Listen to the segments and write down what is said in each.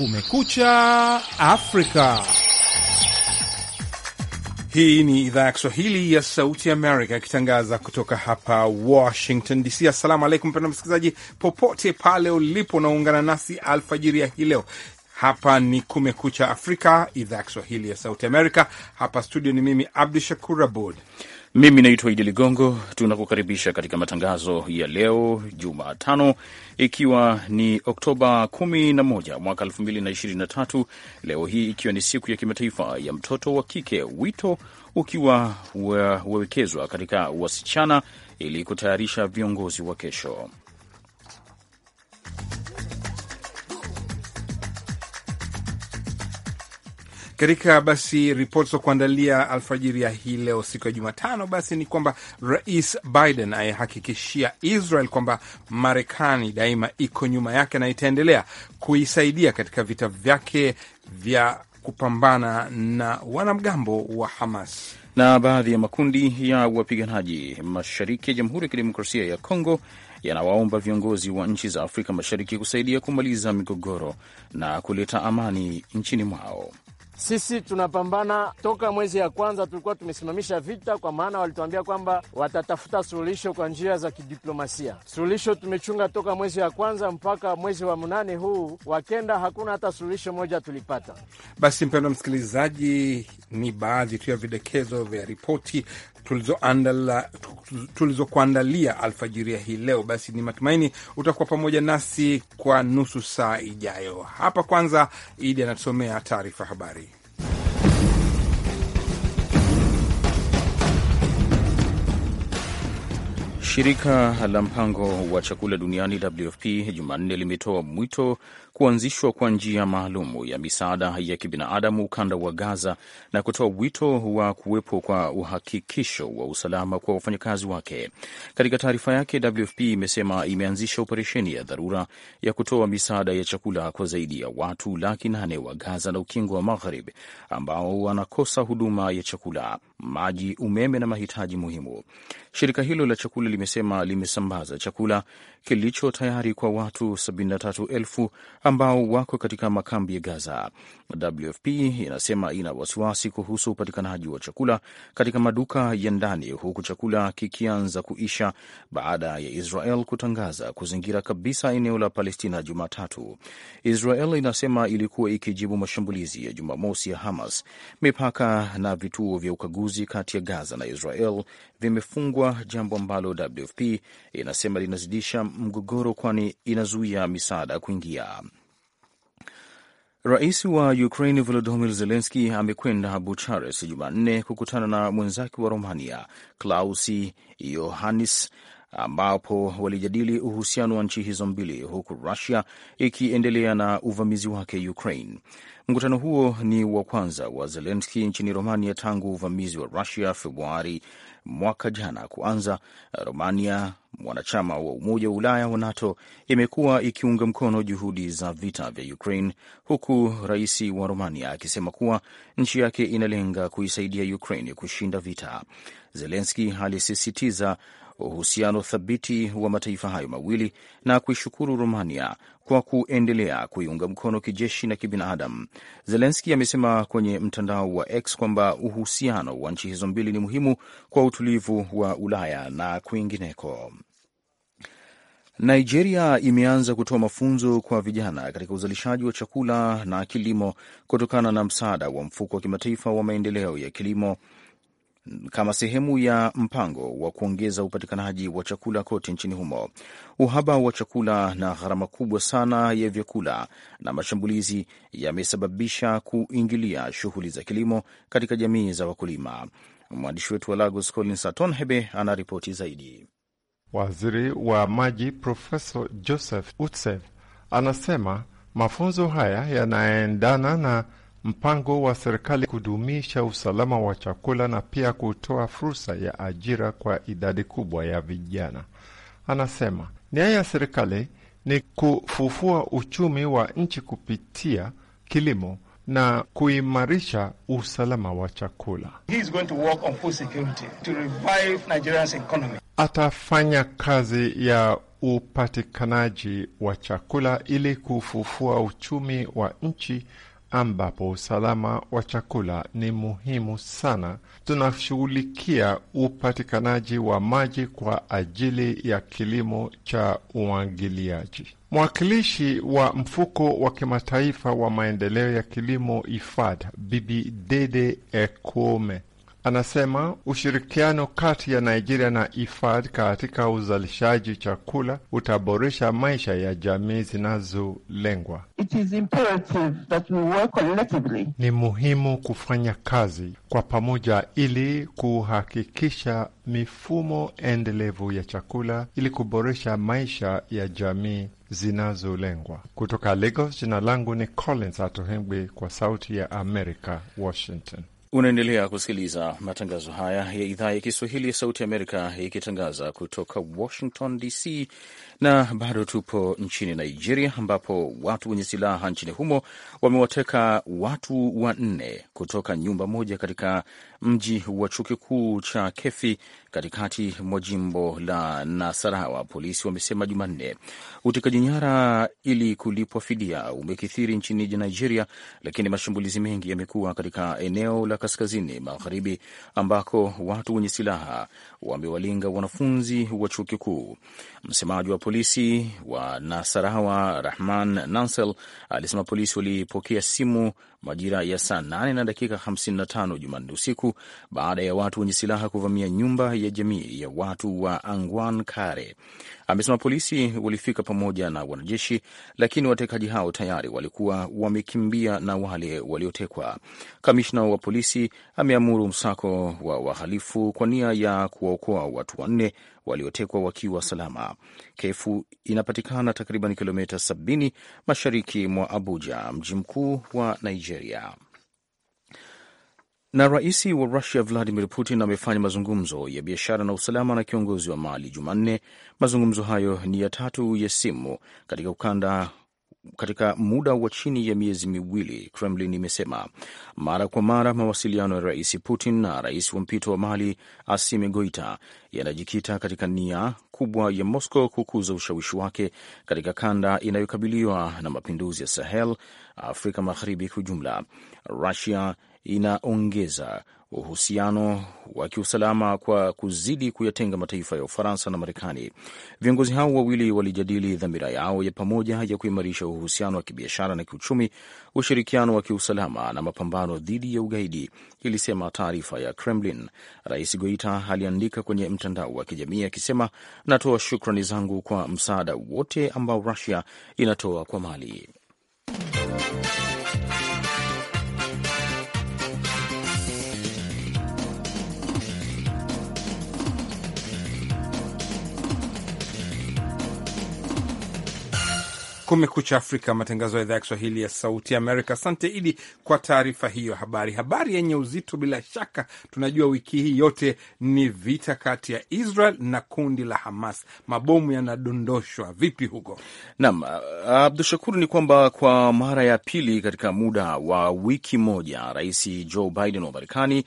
Kumekucha Afrika. Hii ni idhaa ya Kiswahili ya Sauti Amerika ikitangaza kutoka hapa Washington DC. Assalamu alaikum, pendo msikilizaji, popote pale ulipo unaungana nasi alfajiri ya hii leo. Hapa ni Kumekucha Afrika, idhaa ya Kiswahili ya Sauti Amerika. Hapa studio ni mimi Abdu Shakur Abud mimi naitwa Idi Ligongo. Tunakukaribisha katika matangazo ya leo Jumatano, ikiwa ni Oktoba 11 mwaka 2023, leo hii ikiwa ni siku ya kimataifa ya mtoto wa kike, wito ukiwa wawekezwa katika wasichana ili kutayarisha viongozi wa kesho. Katika basi ripoti za kuandalia alfajiri ya hii leo siku ya Jumatano, basi ni kwamba Rais Biden ayehakikishia Israel kwamba Marekani daima iko nyuma yake na itaendelea kuisaidia katika vita vyake vya kupambana na wanamgambo wa Hamas. Na baadhi ya makundi ya wapiganaji mashariki ya Jamhuri ya Kidemokrasia ya Kongo yanawaomba viongozi wa nchi za Afrika Mashariki kusaidia kumaliza migogoro na kuleta amani nchini mwao. Sisi tunapambana toka mwezi ya kwanza, tulikuwa tumesimamisha vita, kwa maana walituambia kwamba watatafuta suluhisho kwa njia za kidiplomasia. Suluhisho tumechunga toka mwezi ya kwanza mpaka mwezi wa mnane huu wakenda, hakuna hata suluhisho moja tulipata. Basi mpendwa msikilizaji, ni baadhi tu ya vidokezo vya ripoti tulizokuandalia alfajiria hii leo. Basi ni matumaini utakuwa pamoja nasi kwa nusu saa ijayo. Hapa kwanza, Idi anatusomea taarifa habari. Shirika la mpango wa chakula duniani WFP Jumanne limetoa mwito kuanzishwa kwa njia maalum ya misaada ya kibinadamu ukanda wa Gaza na kutoa wito wa kuwepo kwa uhakikisho wa usalama kwa wafanyakazi wake. Katika taarifa yake, WFP imesema imeanzisha operesheni ya dharura ya kutoa misaada ya chakula kwa zaidi ya watu laki nane wa Gaza na Ukingo wa maghrib ambao wanakosa huduma ya chakula, maji, umeme na mahitaji muhimu. Shirika hilo la chakula limesema limesambaza chakula kilicho tayari kwa watu 73,000 ambao wako katika makambi ya Gaza. WFP inasema ina wasiwasi kuhusu upatikanaji wa chakula katika maduka ya ndani, huku chakula kikianza kuisha baada ya Israel kutangaza kuzingira kabisa eneo la Palestina Jumatatu. Israel inasema ilikuwa ikijibu mashambulizi ya Jumamosi ya Hamas. Mipaka na vituo vya ukaguzi kati ya Gaza na Israel vimefungwa, jambo ambalo WFP inasema linazidisha mgogoro, kwani inazuia misaada kuingia. Rais wa Ukraine Volodymyr Zelenski amekwenda Bucharest Jumanne kukutana na mwenzake wa Romania Klaus Iohannis ambapo walijadili uhusiano wa nchi hizo mbili huku Rusia ikiendelea na uvamizi wake Ukraine. Mkutano huo ni wa kwanza wa Zelenski nchini Romania tangu uvamizi wa Rusia Februari mwaka jana kuanza, Romania mwanachama wa Umoja wa Ulaya wa NATO imekuwa ikiunga mkono juhudi za vita vya Ukraine, huku rais wa Romania akisema kuwa nchi yake inalenga kuisaidia Ukraine kushinda vita. Zelenski alisisitiza uhusiano thabiti wa mataifa hayo mawili na kuishukuru Romania kwa kuendelea kuiunga mkono kijeshi na kibinadamu. Zelenski amesema kwenye mtandao wa X kwamba uhusiano wa nchi hizo mbili ni muhimu kwa utulivu wa Ulaya na kwingineko. Nigeria imeanza kutoa mafunzo kwa vijana katika uzalishaji wa chakula na kilimo kutokana na msaada wa mfuko wa kimataifa wa maendeleo ya kilimo kama sehemu ya mpango wa kuongeza upatikanaji wa chakula kote nchini humo. Uhaba wa chakula na gharama kubwa sana ya vyakula na mashambulizi yamesababisha kuingilia shughuli za kilimo katika jamii za wakulima. Mwandishi wetu wa Lagos, Colins Atonhebe, anaripoti zaidi. Waziri wa maji Profeso Joseph Utsev anasema mafunzo haya yanaendana na mpango wa serikali kudumisha usalama wa chakula na pia kutoa fursa ya ajira kwa idadi kubwa ya vijana. Anasema nia ya serikali ni kufufua uchumi wa nchi kupitia kilimo na kuimarisha usalama wa chakula. Atafanya kazi ya upatikanaji wa chakula ili kufufua uchumi wa nchi ambapo usalama wa chakula ni muhimu sana. Tunashughulikia upatikanaji wa maji kwa ajili ya kilimo cha umwagiliaji. Mwakilishi wa mfuko wa kimataifa wa maendeleo ya kilimo IFAD, Bibi Dede Ekome Anasema ushirikiano kati ya Nigeria na IFAD katika uzalishaji chakula utaboresha maisha ya jamii zinazolengwa. Ni muhimu kufanya kazi kwa pamoja ili kuhakikisha mifumo endelevu ya chakula ili kuboresha maisha ya jamii zinazolengwa. Kutoka Lagos, jina langu ni Collins Atohengwi, kwa Sauti ya Amerika, Washington. Unaendelea kusikiliza matangazo haya ya idhaa ya Kiswahili ya Sauti Amerika ikitangaza kutoka Washington DC. Na bado tupo nchini Nigeria, ambapo watu wenye silaha nchini humo wamewateka watu wanne kutoka nyumba moja katika mji wa chuo kikuu cha Kefi katikati mwa jimbo la Nasarawa, polisi wamesema Jumanne. Utekaji nyara ili kulipwa fidia umekithiri nchini Nigeria, lakini mashambulizi mengi yamekuwa katika eneo la kaskazini magharibi, ambako watu wenye silaha wamewalinga wanafunzi wa chuo kikuu. Msemaji wa polisi wa Nasarawa, Rahman Nansel, alisema polisi walipokea simu majira ya saa 8 na dakika 55 Jumanne usiku baada ya watu wenye silaha kuvamia nyumba ya jamii ya watu wa Angwan Kare Amesema polisi walifika pamoja na wanajeshi, lakini watekaji hao tayari walikuwa wamekimbia na wale waliotekwa. Kamishna wa polisi ameamuru msako wa wahalifu kwa nia ya kuwaokoa watu wanne waliotekwa wakiwa salama. Kefu inapatikana takriban kilomita 70 mashariki mwa Abuja, mji mkuu wa Nigeria. Na rais wa Rusia Vladimir Putin amefanya mazungumzo ya biashara na usalama na kiongozi wa Mali Jumanne. Mazungumzo hayo ni ya tatu ya simu katika ukanda katika muda wa chini ya miezi miwili, Kremlin imesema. Mara kwa mara mawasiliano ya rais Putin na rais wa mpito wa Mali Assimi Goita yanajikita katika nia kubwa ya Moscow kukuza ushawishi wake katika kanda inayokabiliwa na mapinduzi ya Sahel, Afrika Magharibi kwa ujumla. Rusia inaongeza uhusiano wa kiusalama kwa kuzidi kuyatenga mataifa ya Ufaransa na Marekani. Viongozi hao wawili walijadili dhamira yao ya pamoja ya kuimarisha uhusiano wa kibiashara na kiuchumi, ushirikiano wa kiusalama na mapambano dhidi ya ugaidi, ilisema taarifa ya Kremlin. Rais Goita aliandika kwenye mtandao wa kijamii akisema, natoa shukrani zangu kwa msaada wote ambao Rusia inatoa kwa Mali. Kumekucha Afrika, matangazo ya idhaa ya Kiswahili ya Sauti Amerika. Asante Idi kwa taarifa hiyo. Habari habari yenye uzito bila shaka, tunajua wiki hii yote ni vita kati ya Israel na kundi la Hamas. Mabomu yanadondoshwa vipi huko? Naam, uh, Abdu Shakuru, ni kwamba kwa mara ya pili katika muda wa wiki moja, Rais Joe Biden wa Marekani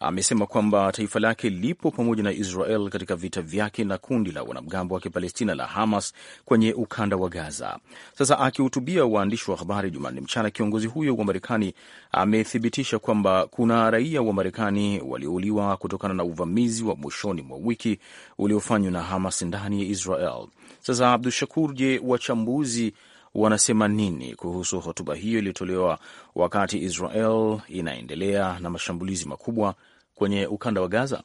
amesema kwamba taifa lake lipo pamoja na Israel katika vita vyake na kundi la wanamgambo wa Kipalestina la Hamas kwenye ukanda wa Gaza. Sasa akihutubia waandishi wa habari Jumanne mchana, kiongozi huyo wa Marekani amethibitisha kwamba kuna raia wa Marekani waliouliwa kutokana na uvamizi wa mwishoni mwa wiki uliofanywa na Hamas ndani ya Israel. Sasa Abdu Shakur, je, wachambuzi wanasema nini kuhusu hotuba hiyo iliyotolewa wakati Israel inaendelea na mashambulizi makubwa kwenye ukanda wa Gaza?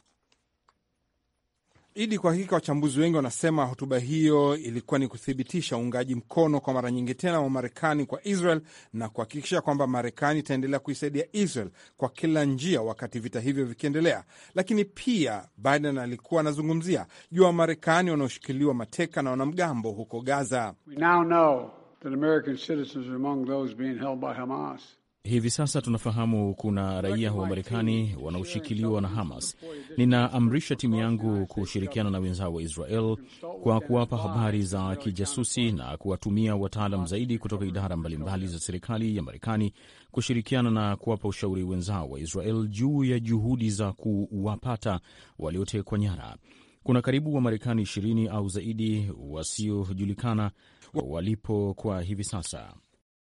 Idi, kwa hakika wachambuzi wengi wanasema hotuba hiyo ilikuwa ni kuthibitisha uungaji mkono kwa mara nyingi tena wa Marekani kwa Israel na kuhakikisha kwamba Marekani itaendelea kuisaidia Israel kwa kila njia wakati vita hivyo vikiendelea. Lakini pia Biden alikuwa anazungumzia juu ya Wamarekani wanaoshikiliwa mateka na wanamgambo huko Gaza. We now know that American citizens are among those being held by Hamas. Hivi sasa tunafahamu kuna raia wa Marekani wanaoshikiliwa na Hamas. Ninaamrisha timu yangu kushirikiana na wenzao wa Israel kwa kuwapa habari za kijasusi na kuwatumia wataalam zaidi kutoka idara mbalimbali za serikali ya Marekani kushirikiana na kuwapa ushauri wenzao wa Israel juu ya juhudi za kuwapata waliotekwa nyara. Kuna karibu wa marekani ishirini au zaidi wasiojulikana walipo kwa hivi sasa.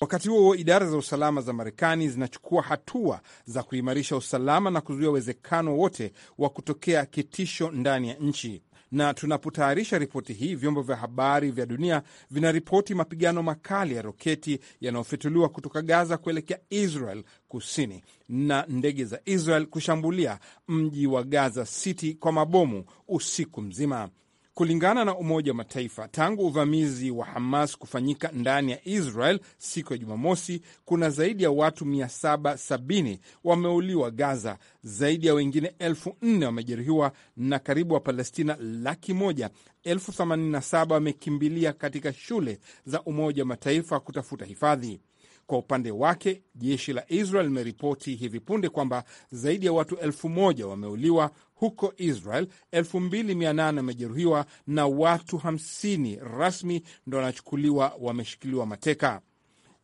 Wakati huo huo, idara za usalama za Marekani zinachukua hatua za kuimarisha usalama na kuzuia uwezekano wote wa kutokea kitisho ndani ya nchi. Na tunapotayarisha ripoti hii, vyombo vya habari vya dunia vinaripoti mapigano makali ya roketi yanayofituliwa kutoka Gaza kuelekea Israel kusini na ndege za Israel kushambulia mji wa Gaza City kwa mabomu usiku mzima. Kulingana na Umoja wa Mataifa, tangu uvamizi wa Hamas kufanyika ndani ya Israel siku ya Jumamosi, kuna zaidi ya watu 770 wameuliwa Gaza, zaidi ya wengine elfu nne wamejeruhiwa na karibu wa palestina laki moja elfu themanini na saba wamekimbilia katika shule za Umoja wa Mataifa kutafuta hifadhi. Kwa upande wake, jeshi la Israel limeripoti hivi punde kwamba zaidi ya watu elfu moja wameuliwa huko Israel, 28 wamejeruhiwa na watu 50 rasmi ndo wanachukuliwa wameshikiliwa mateka.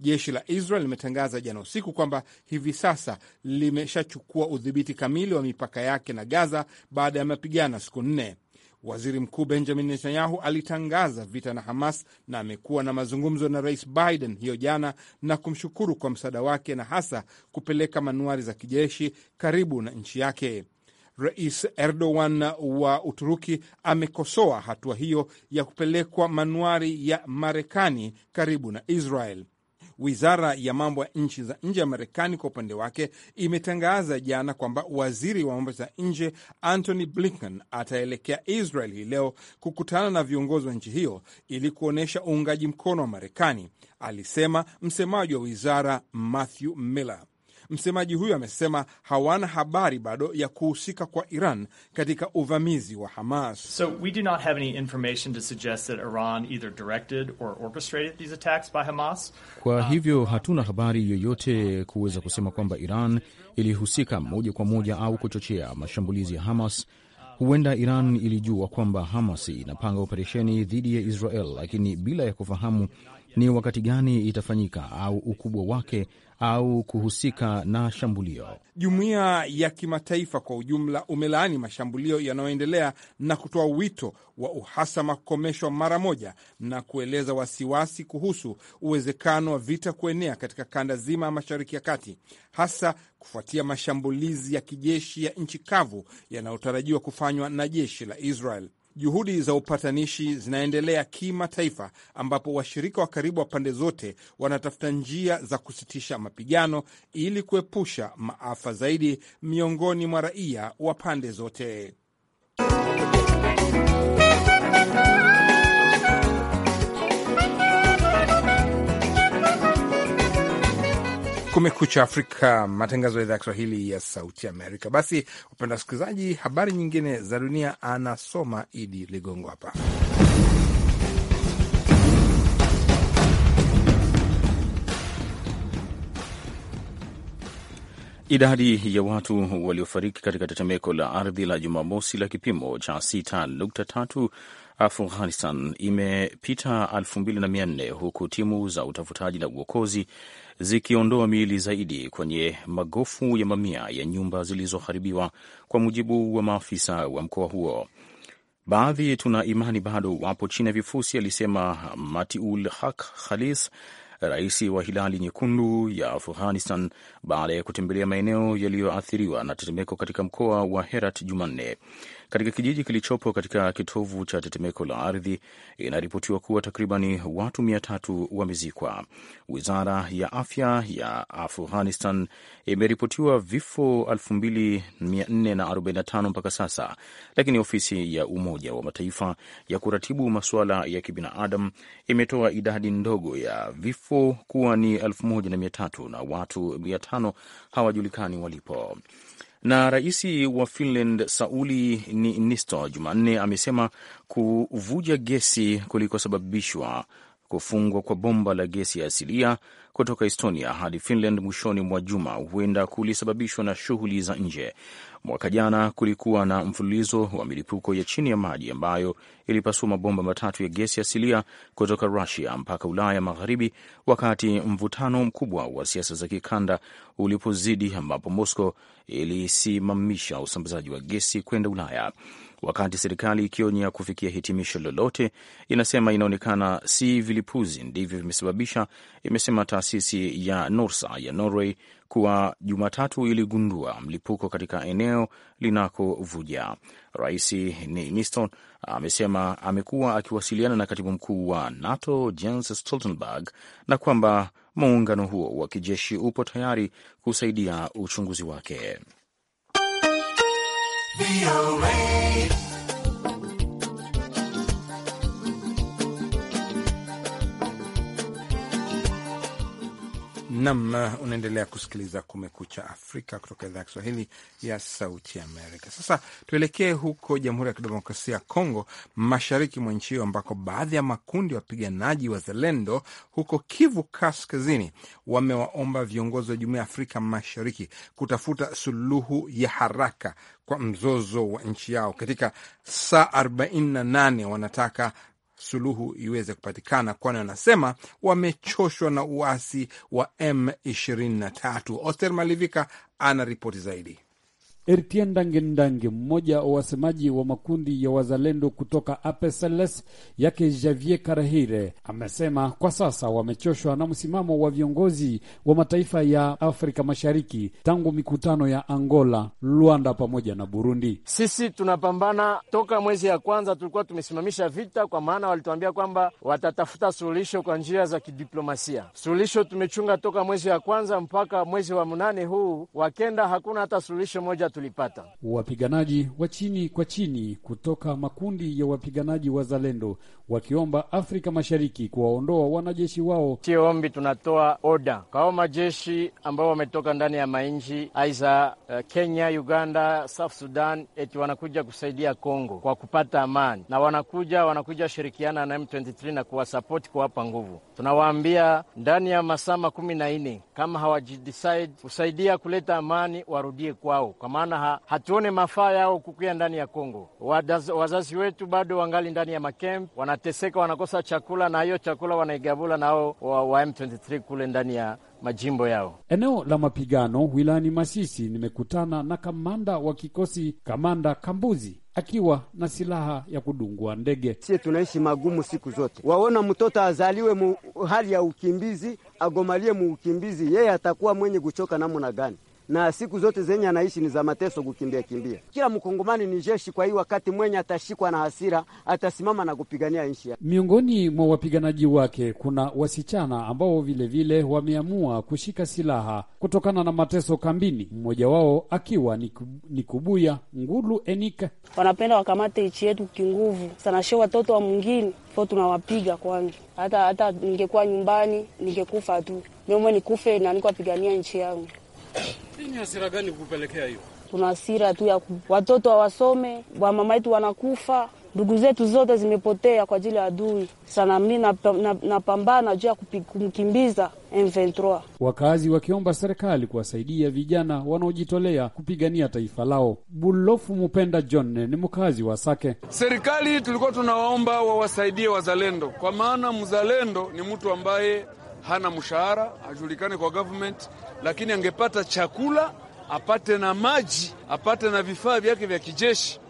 Jeshi la Israel limetangaza jana usiku kwamba hivi sasa limeshachukua udhibiti kamili wa mipaka yake na Gaza baada ya mapigano siku nne. Waziri Mkuu Benjamin Netanyahu alitangaza vita na Hamas na amekuwa na mazungumzo na Rais Biden hiyo jana na kumshukuru kwa msaada wake na hasa kupeleka manuari za kijeshi karibu na nchi yake. Rais Erdogan wa Uturuki amekosoa hatua hiyo ya kupelekwa manuari ya Marekani karibu na Israel. Wizara ya mambo ya nchi za nje ya Marekani kwa upande wake imetangaza jana kwamba waziri wa mambo za nje Antony Blinken ataelekea Israel hii leo kukutana na viongozi wa nchi hiyo ili kuonyesha uungaji mkono wa Marekani, alisema msemaji wa wizara Matthew Miller. Msemaji huyo amesema hawana habari bado ya kuhusika kwa Iran katika uvamizi wa Hamas. So we do not have any information to suggest that Iran either directed or orchestrated these attacks by Hamas. Kwa hivyo hatuna habari yoyote kuweza kusema kwamba Iran ilihusika moja kwa moja au kuchochea mashambulizi ya Hamas. Huenda Iran ilijua kwamba Hamas inapanga operesheni dhidi ya Israel, lakini bila ya kufahamu ni wakati gani itafanyika au ukubwa wake au kuhusika na shambulio. Jumuiya ya kimataifa kwa ujumla umelaani mashambulio yanayoendelea na kutoa wito wa uhasama kukomeshwa mara moja na kueleza wasiwasi kuhusu uwezekano wa vita kuenea katika kanda zima ya Mashariki ya Kati, hasa kufuatia mashambulizi ya kijeshi ya nchi kavu yanayotarajiwa kufanywa na jeshi la Israel. Juhudi za upatanishi zinaendelea kimataifa, ambapo washirika wa karibu wa pande zote wanatafuta njia za kusitisha mapigano ili kuepusha maafa zaidi miongoni mwa raia wa pande zote. Kumekucha Afrika, matangazo ya idhaa ya Kiswahili ya Sauti Amerika. Basi wapenda wasikilizaji, habari nyingine za dunia anasoma Idi Ligongo hapa. Idadi ya watu waliofariki katika tetemeko la ardhi la Jumamosi la kipimo cha 6.3 Afghanistan imepita 2400 huku timu za utafutaji na uokozi zikiondoa miili zaidi kwenye magofu ya mamia ya nyumba zilizoharibiwa, kwa mujibu wa maafisa wa mkoa huo. Baadhi tuna imani bado wapo chini ya vifusi, alisema Matiul Haq Khalis, rais wa Hilali Nyekundu ya Afghanistan, baada ya kutembelea maeneo yaliyoathiriwa na tetemeko katika mkoa wa Herat Jumanne. Katika kijiji kilichopo katika kitovu cha tetemeko la ardhi, inaripotiwa kuwa takribani watu mia tatu wamezikwa. Wizara ya afya ya Afghanistan imeripotiwa vifo 2445 mpaka sasa, lakini ofisi ya Umoja wa Mataifa ya kuratibu masuala ya kibinadamu imetoa idadi ndogo ya vifo kuwa ni 1300 na watu 500 hawajulikani walipo. Na rais wa Finland Sauli Niinisto Jumanne amesema kuvuja gesi kulikosababishwa kufungwa kwa bomba la gesi ya asilia kutoka Estonia hadi Finland mwishoni mwa juma huenda kulisababishwa na shughuli za nje. Mwaka jana kulikuwa na mfululizo wa milipuko ya chini ya maji ambayo ilipasua mabomba matatu ya gesi asilia kutoka Rusia mpaka Ulaya Magharibi, wakati mvutano mkubwa wa siasa za kikanda ulipozidi, ambapo Moscow ilisimamisha usambazaji wa gesi kwenda Ulaya wakati serikali ikionya kufikia hitimisho lolote, inasema inaonekana si vilipuzi ndivyo vimesababisha, imesema taasisi ya Norsa ya Norway kuwa Jumatatu iligundua mlipuko katika eneo linakovuja. Rais nmiston amesema amekuwa akiwasiliana na katibu mkuu wa NATO Jens Stoltenberg na kwamba muungano huo wa kijeshi upo tayari kusaidia uchunguzi wake. VOA. Nam, uh, unaendelea kusikiliza Kumekucha Afrika kutoka idhaa ya Kiswahili ya Sauti ya Amerika. Sasa tuelekee huko Jamhuri ya Kidemokrasia ya Kongo, mashariki mwa nchi hiyo, ambako baadhi ya makundi ya wapiganaji zalendo huko Kivu Kaskazini wamewaomba viongozi wa Jumuiya ya Afrika Mashariki kutafuta suluhu ya haraka kwa mzozo wa nchi yao. Katika saa 48 wanataka suluhu iweze kupatikana, kwani wanasema wamechoshwa na uasi wa M23. Oster Malivika ana ripoti zaidi. Ertienda mmoja wa wasemaji wa makundi ya wazalendo kutoka APSLS yake Javier Karahire, amesema kwa sasa wamechoshwa na msimamo wa viongozi wa mataifa ya Afrika Mashariki tangu mikutano ya Angola, Rwanda pamoja na Burundi. Sisi tunapambana toka mwezi ya kwanza, tulikuwa tumesimamisha vita kwa maana walituambia kwamba watatafuta suluhisho kwa njia za kidiplomasia. Suluhisho tumechunga toka mwezi ya kwanza mpaka mwezi wa mnane huu wakenda, hakuna hata suluhisho moja tulipata. Wapiganaji wa chini kwa chini kutoka makundi ya wapiganaji wazalendo wakiomba Afrika Mashariki kuwaondoa wanajeshi wao. Sio ombi, tunatoa oda kwao majeshi ambao wametoka ndani ya mainji aidha eh, Kenya, Uganda, South Sudan, eti wanakuja kusaidia Kongo kwa kupata amani, na wanakuja wanakuja shirikiana na M23 na kuwasapoti kuwapa nguvu. Tunawaambia ndani ya masaa kumi na nne kama hawajidecide kusaidia kuleta amani warudie kwao kwa maana ha, hatuone mafaa yao kukuya ndani ya Kongo. Wadaz, wazazi wetu bado wangali ndani ya makemp, wanateseka, wanakosa chakula, na hiyo chakula wanaigabula nao wa, wa M23 kule ndani ya majimbo yao. Eneo la mapigano wilayani Masisi, nimekutana na kamanda wa kikosi, kamanda Kambuzi akiwa na silaha ya kudungua ndege. Sie tunaishi magumu siku zote, waona mtoto azaliwe mu hali ya ukimbizi, agomalie mu ukimbizi, yeye atakuwa mwenye kuchoka namna gani? na siku zote zenye anaishi ni za mateso, kukimbia kimbia. Kila mkongomani ni jeshi, kwa hiyo wakati mwenye atashikwa na hasira atasimama na kupigania nchi yake. Miongoni mwa wapiganaji wake kuna wasichana ambao vilevile wameamua kushika silaha kutokana na mateso kambini, mmoja wao akiwa ni Kubuya Ngulu Enika. Wanapenda wakamate nchi yetu kinguvu sana, she watoto wa mwingine fo tunawapiga kwanza. Hata hata ningekuwa nyumbani ningekufa tu, mimi nikufe na niko nchi yangu ni hasira gani kukupelekea hiyo? Tuna hasira tu ya watoto hawasome, wamama yetu wanakufa, ndugu zetu zote zimepotea kwa ajili ya adui sana. Mi napambana na, na juu ya kumkimbiza M23. Wakazi wakiomba serikali kuwasaidia vijana wanaojitolea kupigania taifa lao. Bulofu Mupenda John ni mkazi wa Sake. Serikali tulikuwa tunawaomba wawasaidie wazalendo, kwa maana mzalendo ni mtu ambaye hana mshahara, hajulikani kwa government lakini angepata chakula, apate na maji, apate na vifaa vyake vya kijeshi,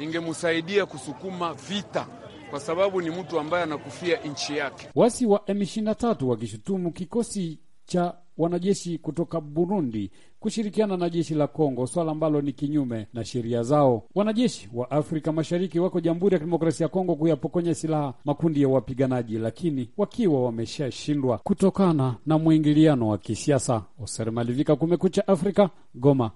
ingemsaidia kusukuma vita kwa sababu ni mtu ambaye anakufia nchi yake. Wasi wa M23 wakishutumu kikosi cha wanajeshi kutoka Burundi kushirikiana na jeshi la Kongo, swala ambalo ni kinyume na sheria zao. Wanajeshi wa Afrika Mashariki wako Jamhuri ya Kidemokrasia ya Kongo kuyapokonya silaha makundi ya wapiganaji, lakini wakiwa wameshashindwa kutokana na mwingiliano wa kisiasa. Oser Malivika, Kumekucha Afrika, Goma.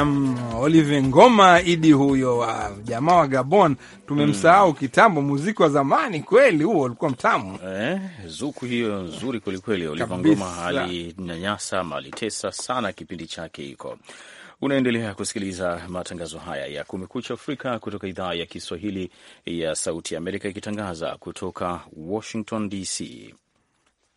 Nam Olive Ngoma Idi, huyo wa jamaa wa Gabon tumemsahau mm. Kitambo, muziki wa zamani kweli, huo ulikuwa mtamu eh, zuku hiyo nzuri kwelikweli. Olive Ngoma alinyanyasa ama alitesa sana kipindi chake hiko. Unaendelea kusikiliza matangazo haya ya Kumekucha Afrika kutoka idhaa ya Kiswahili ya Sauti ya Amerika, ikitangaza kutoka Washington DC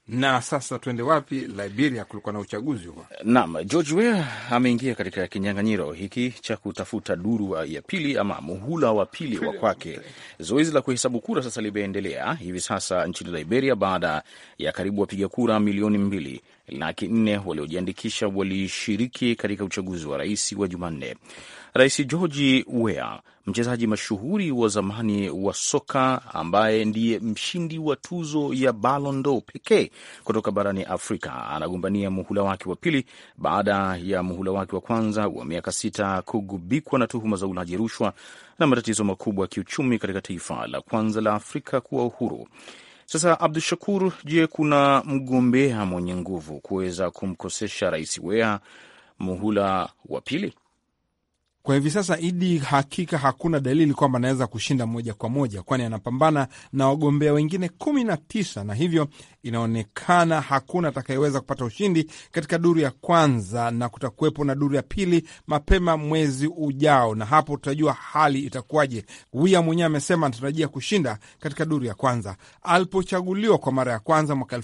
na sasa tuende wapi? Liberia kulikuwa na uchaguzi huo. Naam, George Weah ameingia katika kinyang'anyiro hiki cha kutafuta duru ya pili ama muhula wa pili wa kwake. Zoezi la kuhesabu kura sasa limeendelea hivi sasa nchini Liberia baada ya karibu wapiga kura milioni mbili laki nne waliojiandikisha walishiriki katika uchaguzi wa rais wa Jumanne. Rais George Weah, mchezaji mashuhuri wa zamani wa soka ambaye ndiye mshindi wa tuzo ya Ballon d'Or pekee kutoka barani Afrika, anagombania muhula wake wa pili baada ya muhula wake wa kwanza wa miaka sita kugubikwa na tuhuma za ulaji rushwa na matatizo makubwa ya kiuchumi katika taifa la kwanza la Afrika kuwa uhuru. Sasa Abdu Shakur, je, kuna mgombea mwenye nguvu kuweza kumkosesha Rais Weah muhula wa pili? Kwa hivi sasa, Idi, hakika hakuna dalili kwamba anaweza kushinda moja kwa moja, kwani anapambana na wagombea wengine kumi na tisa na hivyo inaonekana hakuna atakayeweza kupata ushindi katika duru ya kwanza, na kutakuwepo na duru ya pili mapema mwezi ujao, na hapo tutajua hali itakuwaje. Wia mwenyewe amesema anatarajia kushinda katika duru ya kwanza. Alipochaguliwa kwa mara ya kwanza mwaka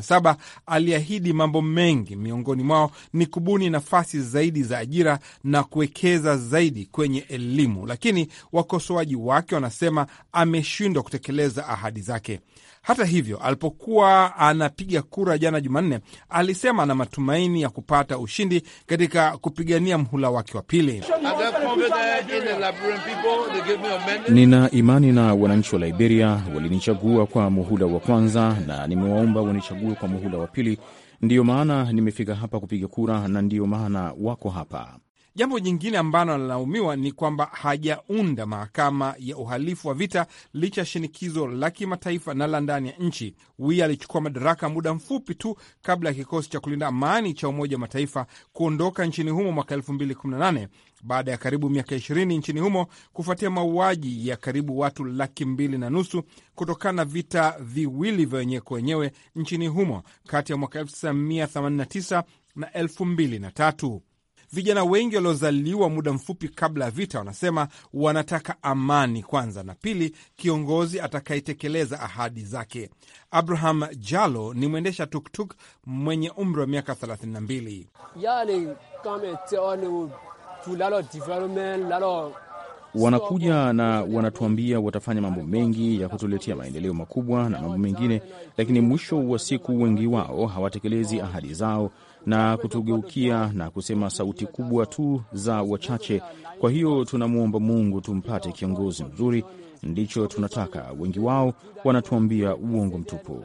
saba aliahidi mambo mengi, miongoni mwao ni kubuni nafasi zaidi za ajira na kuwekeza zaidi kwenye elimu, lakini wakosoaji wake wanasema ameshindwa kutekeleza ahadi zake. Hata hivyo, alipokuwa anapiga kura jana Jumanne, alisema ana matumaini ya kupata ushindi katika kupigania mhula wake wa pili. Nina imani na wananchi wa Liberia, walinichagua kwa muhula wa kwanza na nimewaomba wanichague kwa muhula wa pili. Ndiyo maana nimefika hapa kupiga kura na ndiyo maana wako hapa. Jambo jingine ambalo analaumiwa ni kwamba hajaunda mahakama ya uhalifu wa vita licha ya shinikizo la kimataifa na la ndani ya nchi. Wia alichukua madaraka muda mfupi tu kabla ya kikosi cha kulinda amani cha Umoja wa Mataifa kuondoka nchini humo mwaka 2018 baada ya karibu miaka 20 nchini humo kufuatia mauaji ya karibu watu laki mbili na nusu kutokana na vita viwili vya wenyewe kwa wenyewe nchini humo kati ya mwaka 1989 na 2003. Vijana wengi waliozaliwa muda mfupi kabla ya vita wanasema wanataka amani kwanza, na pili, kiongozi atakayetekeleza ahadi zake. Abraham Jalo ni mwendesha tuktuk mwenye umri wa miaka 32. Yani, wanakuja na wanatuambia watafanya mambo mengi ya kutuletea maendeleo makubwa na mambo mengine, lakini mwisho wa siku wengi wao hawatekelezi ahadi zao na kutugeukia na kusema sauti kubwa tu za wachache. Kwa hiyo tunamwomba Mungu tumpate kiongozi mzuri, ndicho tunataka. Wengi wao wanatuambia uongo mtupu.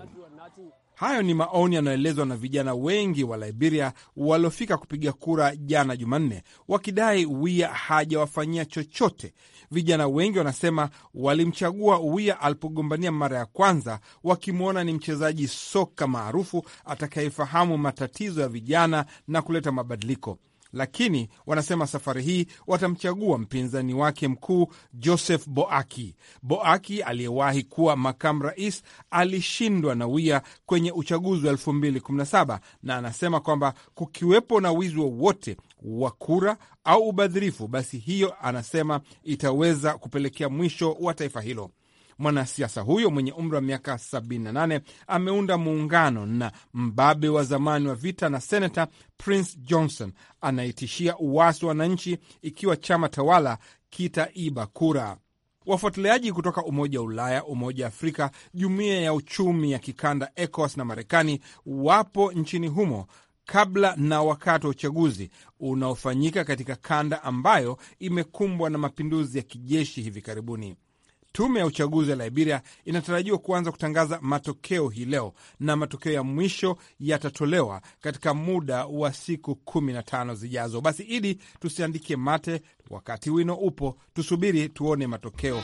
Hayo ni maoni yanayoelezwa na vijana wengi wa Liberia waliofika kupiga kura jana Jumanne, wakidai wia hajawafanyia chochote Vijana wengi wanasema walimchagua Uwia alipogombania mara ya kwanza, wakimwona ni mchezaji soka maarufu atakayefahamu matatizo ya vijana na kuleta mabadiliko lakini wanasema safari hii watamchagua mpinzani wake mkuu Joseph Boaki. Boaki aliyewahi kuwa makamu rais alishindwa na Wia kwenye uchaguzi wa 2017 na anasema kwamba kukiwepo na wizi wowote wa kura au ubadhirifu, basi hiyo anasema itaweza kupelekea mwisho wa taifa hilo. Mwanasiasa huyo mwenye umri wa miaka 78 ameunda muungano na mbabe wa zamani wa vita na senata Prince Johnson, anayetishia uwasi wa wananchi ikiwa chama tawala kitaiba kura. Wafuatiliaji kutoka Umoja wa Ulaya, Umoja wa Afrika, Jumuiya ya Uchumi ya Kikanda, ECOWAS na Marekani wapo nchini humo kabla na wakati wa uchaguzi unaofanyika katika kanda ambayo imekumbwa na mapinduzi ya kijeshi hivi karibuni. Tume ya uchaguzi ya Liberia inatarajiwa kuanza kutangaza matokeo hii leo na matokeo ya mwisho yatatolewa katika muda wa siku kumi na tano zijazo. Basi Idi, tusiandike mate wakati wino upo, tusubiri tuone matokeo.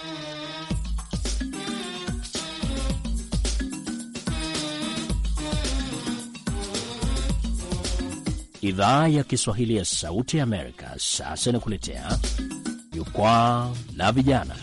Idhaa ya Kiswahili ya Sauti ya Amerika sasa inakuletea jukwaa la vijana.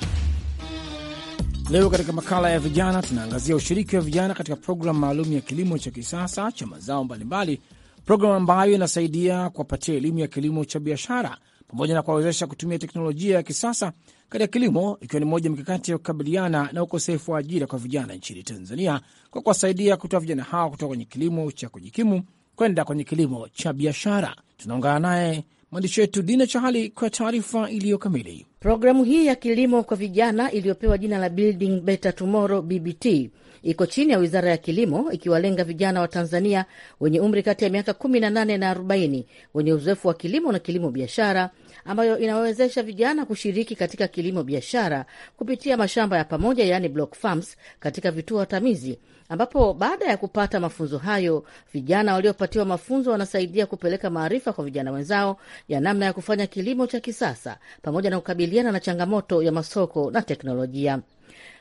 Leo katika makala ya vijana tunaangazia ushiriki wa vijana katika programu maalum ya kilimo cha kisasa cha mazao mbalimbali, programu ambayo inasaidia kuwapatia elimu ya kilimo cha biashara pamoja na kuwawezesha kutumia teknolojia ya kisasa katika kilimo, ikiwa ni moja mikakati ya kukabiliana na ukosefu wa ajira kwa vijana nchini Tanzania kwa kuwasaidia kutoa vijana hawa kutoka kwenye kilimo cha kujikimu kwenda kwenye kilimo cha biashara. Tunaungana naye Mwandishi wetu Dina Chahali kwa taarifa iliyo kamili. Programu hii ya kilimo kwa vijana iliyopewa jina la Building Better Tomorrow, BBT, iko chini ya wizara ya kilimo, ikiwalenga vijana wa Tanzania wenye umri kati ya miaka 18 na 40 wenye uzoefu wa kilimo na kilimo biashara, ambayo inawawezesha vijana kushiriki katika kilimo biashara kupitia mashamba ya pamoja, yaani block farms, katika vituo watamizi ambapo baada ya kupata mafunzo hayo, vijana waliopatiwa mafunzo wanasaidia kupeleka maarifa kwa vijana wenzao ya namna ya kufanya kilimo cha kisasa pamoja na kukabiliana na changamoto ya masoko na teknolojia.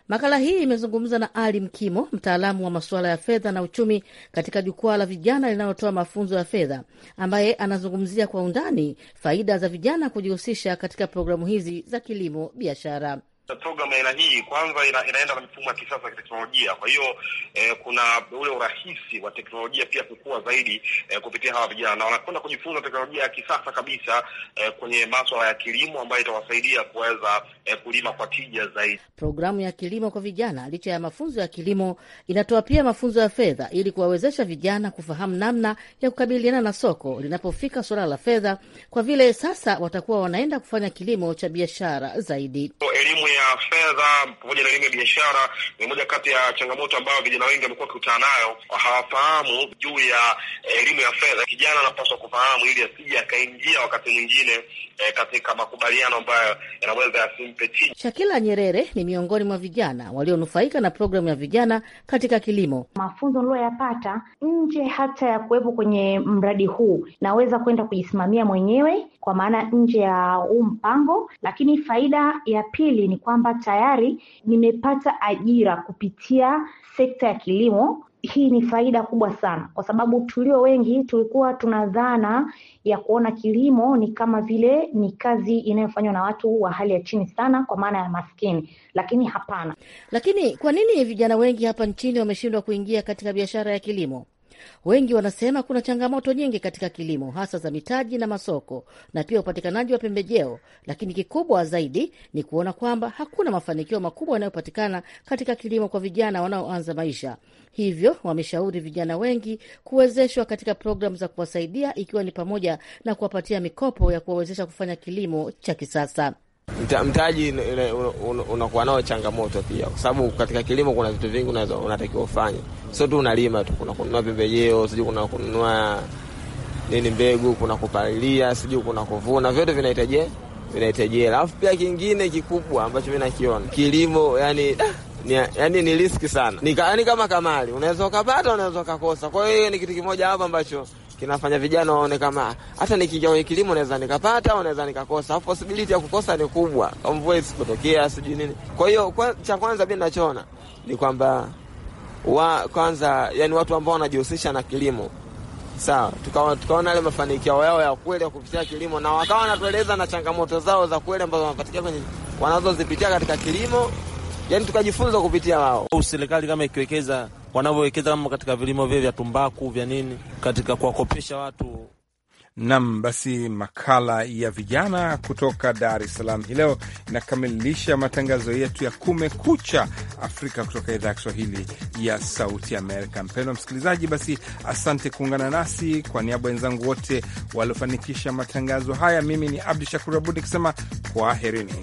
Makala hii imezungumza na Ali Mkimo, mtaalamu wa masuala ya fedha na uchumi katika jukwaa la vijana linalotoa mafunzo ya fedha, ambaye anazungumzia kwa undani faida za vijana kujihusisha katika programu hizi za kilimo biashara. Programu aina hii kwanza ina, inaenda na mifumo ya kisasa ya teknolojia. Kwa hiyo eh, kuna ule urahisi wa teknolojia pia kukua zaidi eh, kupitia hawa vijana, na wanakwenda kujifunza teknolojia ya kisasa kabisa eh, kwenye maswala ya kilimo ambayo itawasaidia kuweza eh, kulima kwa tija zaidi. Programu ya kilimo kwa vijana, licha ya mafunzo ya kilimo, inatoa pia mafunzo ya fedha ili kuwawezesha vijana kufahamu namna ya kukabiliana na soko linapofika suala la fedha, kwa vile sasa watakuwa wanaenda kufanya kilimo cha biashara zaidi. So, elimu ya fedha pamoja na elimu ya biashara ni moja kati ya changamoto ambayo vijana wengi wamekuwa wakikutana nayo, hawafahamu juu ya eh, elimu ya fedha. Kijana anapaswa kufahamu ili asije akaingia wakati mwingine e, katika makubaliano ambayo yanaweza yasimpe tija. Shakila Nyerere ni miongoni mwa vijana walionufaika na programu ya vijana katika kilimo. Mafunzo niliyoyapata nje hata ya kuwepo kwenye mradi huu, naweza kwenda kujisimamia mwenyewe, kwa maana nje ya huu mpango, lakini faida ya pili ni kwamba tayari nimepata ajira kupitia sekta ya kilimo. Hii ni faida kubwa sana, kwa sababu tulio wengi tulikuwa tuna dhana ya kuona kilimo ni kama vile ni kazi inayofanywa na watu wa hali ya chini sana, kwa maana ya maskini, lakini hapana. Lakini kwa nini vijana wengi hapa nchini wameshindwa kuingia katika biashara ya kilimo? Wengi wanasema kuna changamoto nyingi katika kilimo, hasa za mitaji na masoko na pia upatikanaji wa pembejeo, lakini kikubwa zaidi ni kuona kwamba hakuna mafanikio makubwa yanayopatikana katika kilimo kwa vijana wanaoanza maisha. Hivyo wameshauri vijana wengi kuwezeshwa katika programu za kuwasaidia, ikiwa ni pamoja na kuwapatia mikopo ya kuwawezesha kufanya kilimo cha kisasa mtaji unakuwa nao changamoto pia, kwa sababu katika kilimo kuna vitu vingi unatakiwa ufanye, sio tu unalima tu, kuna kununua pembejeo, sijui kuna kununua nini mbegu, kuna kupalilia, sijui kuna kuvuna, vyote vinahitaji vinahitaji hela. Alafu pia kingine kikubwa ambacho mi nakiona kilimo, yani yani ni riski sana, ni kama kamari, unaweza ukapata, unaweza ukakosa. Kwa hiyo ni kitu kimoja hapo ambacho kinafanya vijana waone kama hata nikiingia kwenye kilimo naweza nikapata au naweza nikakosa, au posibiliti ya kukosa ni kubwa, mvua isipotokea sijui nini. Kwa hiyo kwa, cha kwanza mi nachoona ni kwamba wa, kwanza yani watu ambao wanajihusisha na kilimo sawa, tukaona tuka yale mafanikio yao ya kweli ya kupitia kilimo, na wakawa wanatueleza na changamoto zao za kweli ambazo wanapatikia kwenye wanazozipitia katika kilimo, yani tukajifunza kupitia wao. Serikali kama ikiwekeza wanavyowekeza kama katika vilimo vile vya tumbaku vya nini, katika kuwakopesha watu. Nam, basi makala ya vijana kutoka Dar es Salaam hii leo inakamilisha matangazo yetu ya Kumekucha Afrika kutoka idhaa ya Kiswahili ya Sauti Amerika. Mpendwa msikilizaji, basi asante kuungana nasi. Kwa niaba wenzangu wote waliofanikisha matangazo haya, mimi ni Abdu Shakur Abud nikisema kwaherini.